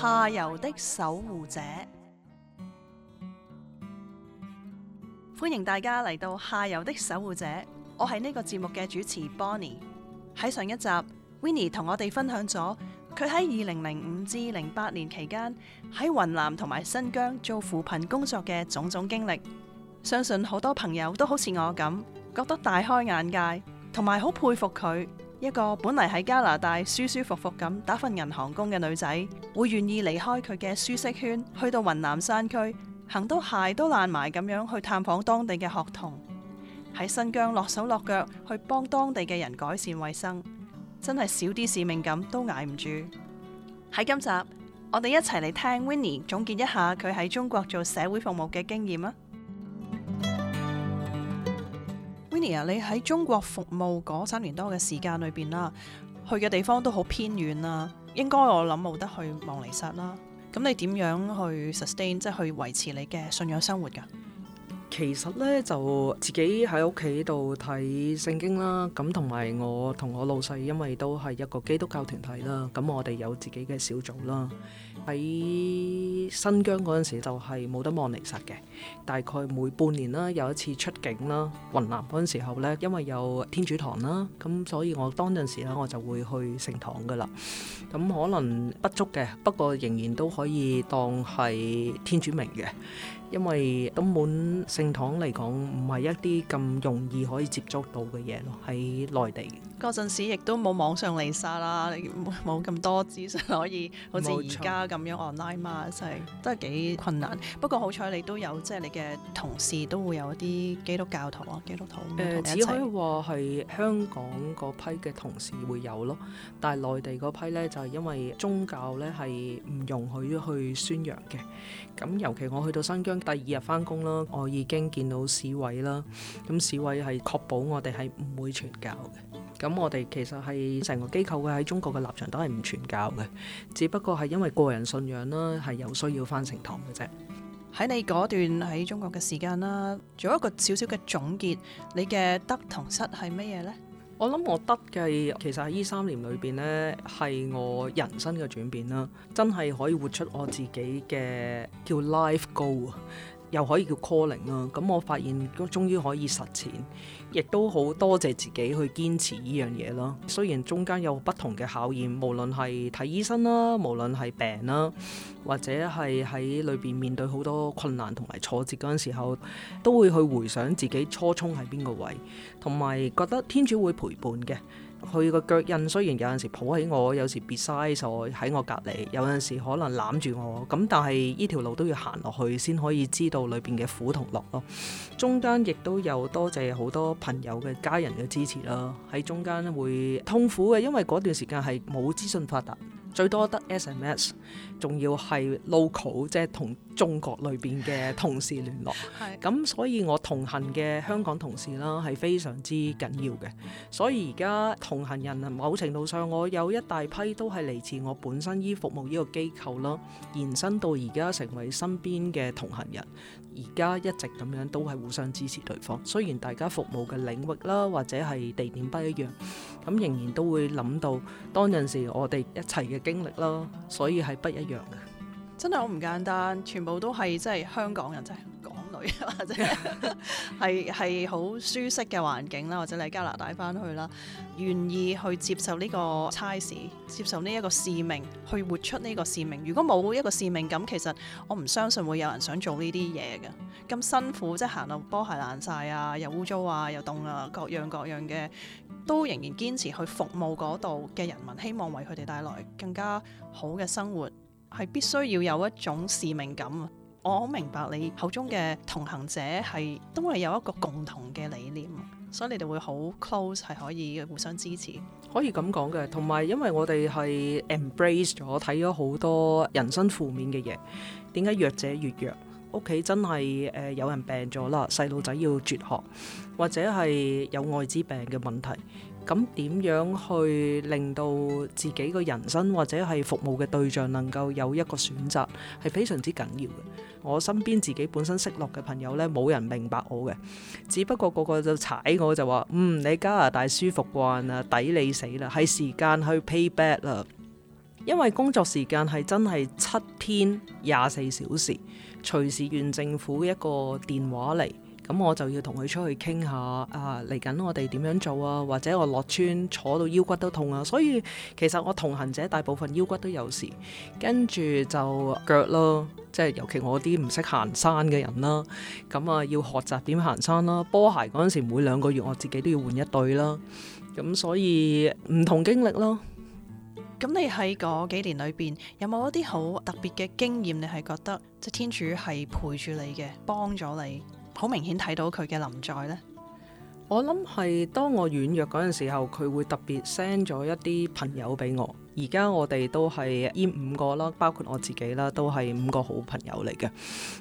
下游的守護者，歡迎大家嚟到下游的守護者。我係呢個節目嘅主持 Bonnie。喺上一集，Winnie 同我哋分享咗佢喺二零零五至零八年期間喺雲南同埋新疆做扶貧工作嘅種種經歷。相信好多朋友都好似我咁，覺得大開眼界，同埋好佩服佢。一個本嚟喺加拿大舒舒服服咁打份銀行工嘅女仔，會願意離開佢嘅舒適圈，去到雲南山區，行到鞋都爛埋咁樣去探訪當地嘅學童，喺新疆落手落腳去幫當地嘅人改善衛生，真係少啲使命感都捱唔住。喺今集，我哋一齊嚟聽 Winnie 總結一下佢喺中國做社會服務嘅經驗啊！你喺中國服務嗰三年多嘅時間裏邊啦，去嘅地方都好偏遠啦，應該我諗冇得去望彌撒啦。咁你點樣去 sustain，即係去維持你嘅信仰生活噶？其實咧就自己喺屋企度睇聖經啦，咁同埋我同我老細因為都係一個基督教團體啦，咁我哋有自己嘅小組啦。喺新疆嗰陣時就係冇得望彌撒嘅，大概每半年啦有一次出境啦。雲南嗰陣時候呢，因為有天主堂啦，咁所以我當陣時呢，我就會去聖堂㗎喇。咁可能不足嘅，不過仍然都可以當係天主名嘅。因為根本聖堂嚟講，唔係一啲咁容易可以接觸到嘅嘢咯，喺內地。嗰陣時亦都冇網上嚟殺啦，冇咁多資訊可以，好似而家咁樣錯 online 嘛，就是、對 真係都係幾困難。嗯、不過好彩你都有，即、就、係、是、你嘅同事都會有一啲基督教徒啊，基督徒誒、呃，只可以話係香港嗰批嘅同事會有咯。但係內地嗰批咧，就係、是、因為宗教咧係唔容許去宣揚嘅。咁尤其我去到新疆。第二日返工啦，我已經見到市委啦。咁市委係確保我哋係唔會傳教嘅。咁我哋其實係成個機構嘅喺中國嘅立場都係唔傳教嘅，只不過係因為個人信仰啦，係有需要返成堂嘅啫。喺你嗰段喺中國嘅時間啦，做一個小小嘅總結，你嘅得同失係乜嘢呢？我諗我得嘅其實喺呢三年裏邊呢，係我人生嘅轉變啦，真係可以活出我自己嘅叫 life goal。又可以叫 calling 啦，咁我發現終於可以實踐，亦都好多謝自己去堅持呢樣嘢咯。雖然中間有不同嘅考驗，無論係睇醫生啦，無論係病啦，或者係喺裏邊面對好多困難同埋挫折嗰陣時候，都會去回想自己初衷喺邊個位，同埋覺得天主會陪伴嘅。佢個腳印雖然有陣時抱起我，有時 beside 我喺我隔離，有陣時可能攬住我，咁但係呢條路都要行落去先可以知道裏邊嘅苦同樂咯。中間亦都有多謝好多朋友嘅家人嘅支持啦。喺中間會痛苦嘅，因為嗰段時間係冇資訊發達，最多得 SMS，仲要係 local，即係同。中國裏邊嘅同事聯絡，咁 對所以我同行嘅香港同事啦，係非常之緊要嘅。所以而家同行人，某程度上我有一大批都係嚟自我本身依服務呢個機構啦，延伸到而家成為身邊嘅同行人。而家一直咁樣都係互相支持對方，雖然大家服務嘅領域啦或者係地點不一樣，咁仍然都會諗到當陣時我哋一齊嘅經歷啦，所以係不一樣嘅。真係好唔簡單，全部都係即係香港人，即係港女或者係係好舒適嘅環境啦，或者你喺加拿大翻去啦，願意去接受呢個差事，接受呢一個使命，去活出呢個使命。如果冇一個使命咁，其實我唔相信會有人想做呢啲嘢嘅咁辛苦，即係行到波鞋爛晒啊，又污糟啊，又凍啊，各樣各樣嘅，都仍然堅持去服務嗰度嘅人民，希望為佢哋帶來更加好嘅生活。係必須要有一種使命感。我好明白你口中嘅同行者係都係有一個共同嘅理念，所以你哋會好 close，係可以互相支持。可以咁講嘅，同埋因為我哋係 embrace 咗睇咗好多人生負面嘅嘢。點解弱者越弱？屋企真係誒有人病咗啦，細路仔要絕學，或者係有艾滋病嘅問題。咁點樣去令到自己個人生或者係服務嘅對象能夠有一個選擇，係非常之緊要嘅。我身邊自己本身識落嘅朋友呢，冇人明白我嘅，只不過個個就踩我就話：嗯，你加拿大舒服慣啦，抵你死啦，係時間去 pay back 啦。因為工作時間係真係七天廿四小時，隨時願政府一個電話嚟。咁我就要同佢出去傾下啊！嚟緊我哋點樣做啊？或者我落村坐到腰骨都痛啊！所以其實我同行者大部分腰骨都有事，跟住就腳咯，即係尤其我啲唔識行山嘅人啦。咁啊要學習點行山啦，波鞋嗰陣時每兩個月我自己都要換一對啦。咁所以唔同經歷咯。咁你喺嗰幾年裏邊有冇一啲好特別嘅經驗？你係覺得即係天主係陪住你嘅，幫咗你？好明顯睇到佢嘅臨在呢。我諗係當我軟弱嗰陣時候，佢會特別 send 咗一啲朋友俾我。而家我哋都係呢五個啦，包括我自己啦，都係五個好朋友嚟嘅。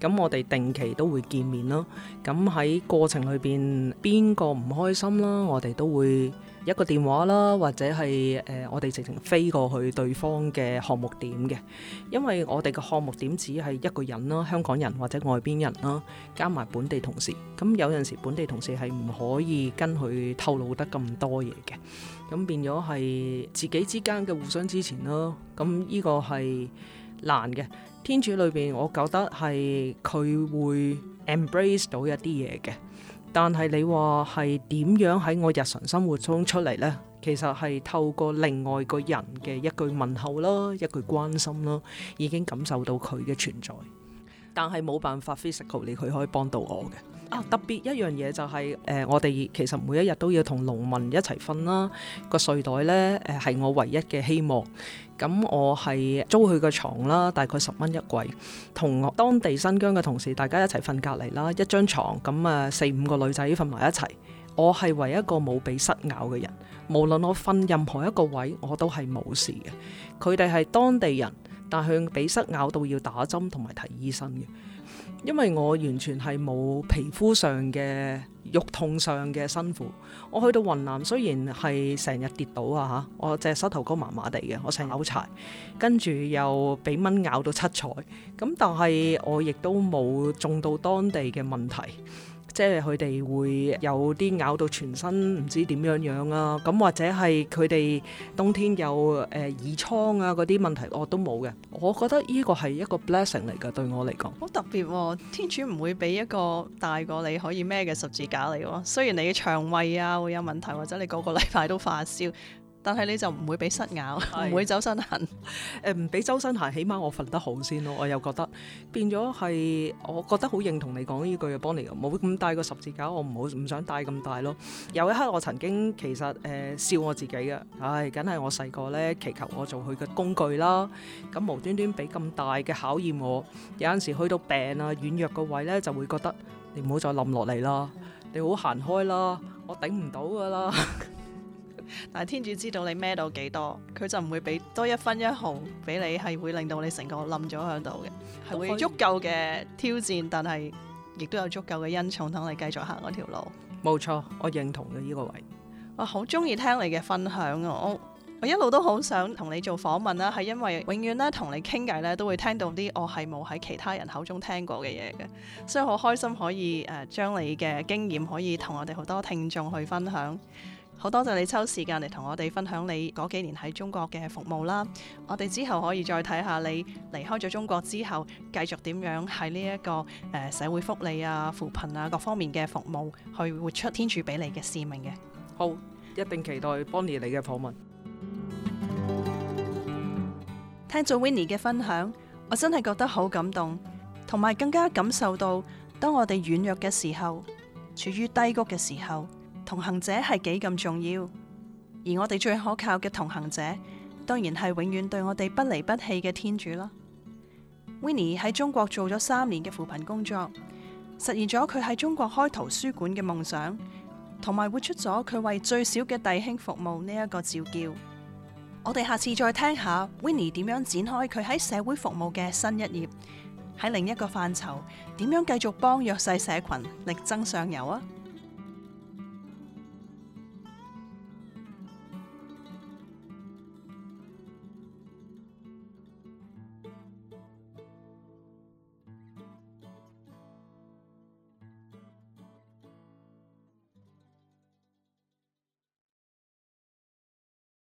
咁我哋定期都會見面咯。咁喺過程裏邊，邊個唔開心啦，我哋都會一個電話啦，或者係誒、呃、我哋直情飛過去對方嘅項目點嘅。因為我哋嘅項目點只係一個人啦，香港人或者外邊人啦，加埋本地同事。咁有陣時本地同事係唔可以跟佢透露得咁多嘢嘅。咁變咗係自己之間嘅互相支持咯，咁呢個係難嘅。天主裏邊，我覺得係佢會 embrace 到一啲嘢嘅，但係你話係點樣喺我日常生活中出嚟呢？其實係透過另外個人嘅一句問候啦，一句關心啦，已經感受到佢嘅存在。但係冇辦法 physical 你，佢可以幫到我嘅。啊、特別一樣嘢就係、是、誒、呃，我哋其實每一日都要同農民一齊瞓啦，那個睡袋呢誒係、呃、我唯一嘅希望。咁我係租佢個床啦，大概十蚊一季，同當地新疆嘅同事大家一齊瞓隔離啦，一張床。咁啊，四五個女仔瞓埋一齊。我係唯一一個冇俾蝨咬嘅人，無論我瞓任何一個位我都係冇事嘅。佢哋係當地人，但佢俾蝨咬到要打針同埋睇醫生嘅。因為我完全係冇皮膚上嘅肉痛上嘅辛苦，我去到雲南雖然係成日跌倒啊嚇，我隻膝頭哥麻麻地嘅，我成日拗柴，跟住又俾蚊咬到七彩，咁但係我亦都冇中到當地嘅問題。即係佢哋會有啲咬到全身，唔知點樣樣啊！咁或者係佢哋冬天有誒耳、呃、瘡啊嗰啲問題，我、哦、都冇嘅。我覺得呢個係一個 blessing 嚟㗎，對我嚟講。好特別、啊，天主唔會俾一個大過你可以孭嘅十字架你喎。雖然你嘅腸胃啊會有問題，或者你個個禮拜都發燒。但係你就唔會俾失咬，唔會周身痕。誒唔俾周身痕，起碼我瞓得好先咯。我又覺得變咗係，我覺得好認同你講呢句啊，幫你冇咁大個十字架，我唔好唔想戴咁大咯。有一刻我曾經其實誒、呃、笑我自己嘅，唉、哎，梗係我細個咧祈求我做佢嘅工具啦。咁無端端俾咁大嘅考驗我，有陣時去到病啊軟弱個位咧，就會覺得你唔好再冧落嚟啦，你好行開啦，我頂唔到㗎啦。 但係天主知道你孭到幾多，佢就唔會俾多一分一毫俾你，係會令到你成個冧咗喺度嘅，係會有足夠嘅挑戰，但係亦都有足夠嘅恩寵等你繼續行嗰條路。冇錯，我認同嘅呢個位我，我好中意聽你嘅分享啊！我我一路都好想同你做訪問啦，係因為永遠咧同你傾偈咧都會聽到啲我係冇喺其他人口中聽過嘅嘢嘅，所以好開心可以誒、呃、將你嘅經驗可以同我哋好多聽眾去分享。好多謝你抽時間嚟同我哋分享你嗰幾年喺中國嘅服務啦！我哋之後可以再睇下你離開咗中國之後，繼續點樣喺呢一個誒社會福利啊、扶貧啊各方面嘅服務，去活出天主俾你嘅使命嘅。好，一定期待 Bonnie 你嘅訪問。聽咗 Winnie 嘅分享，我真係覺得好感動，同埋更加感受到當我哋軟弱嘅時候，處於低谷嘅時候，同行者係幾咁重要，而我哋最可靠嘅同行者，當然係永遠對我哋不離不棄嘅天主啦。Winnie 喺中國做咗三年嘅扶貧工作，實現咗佢喺中國開圖書館嘅夢想，同埋活出咗佢為最小嘅弟兄服務呢一個召叫。我哋下次再聽下 Winnie 點樣展開佢喺社會服務嘅新一頁，喺另一個範疇，點樣繼續幫弱勢社群力爭上游啊！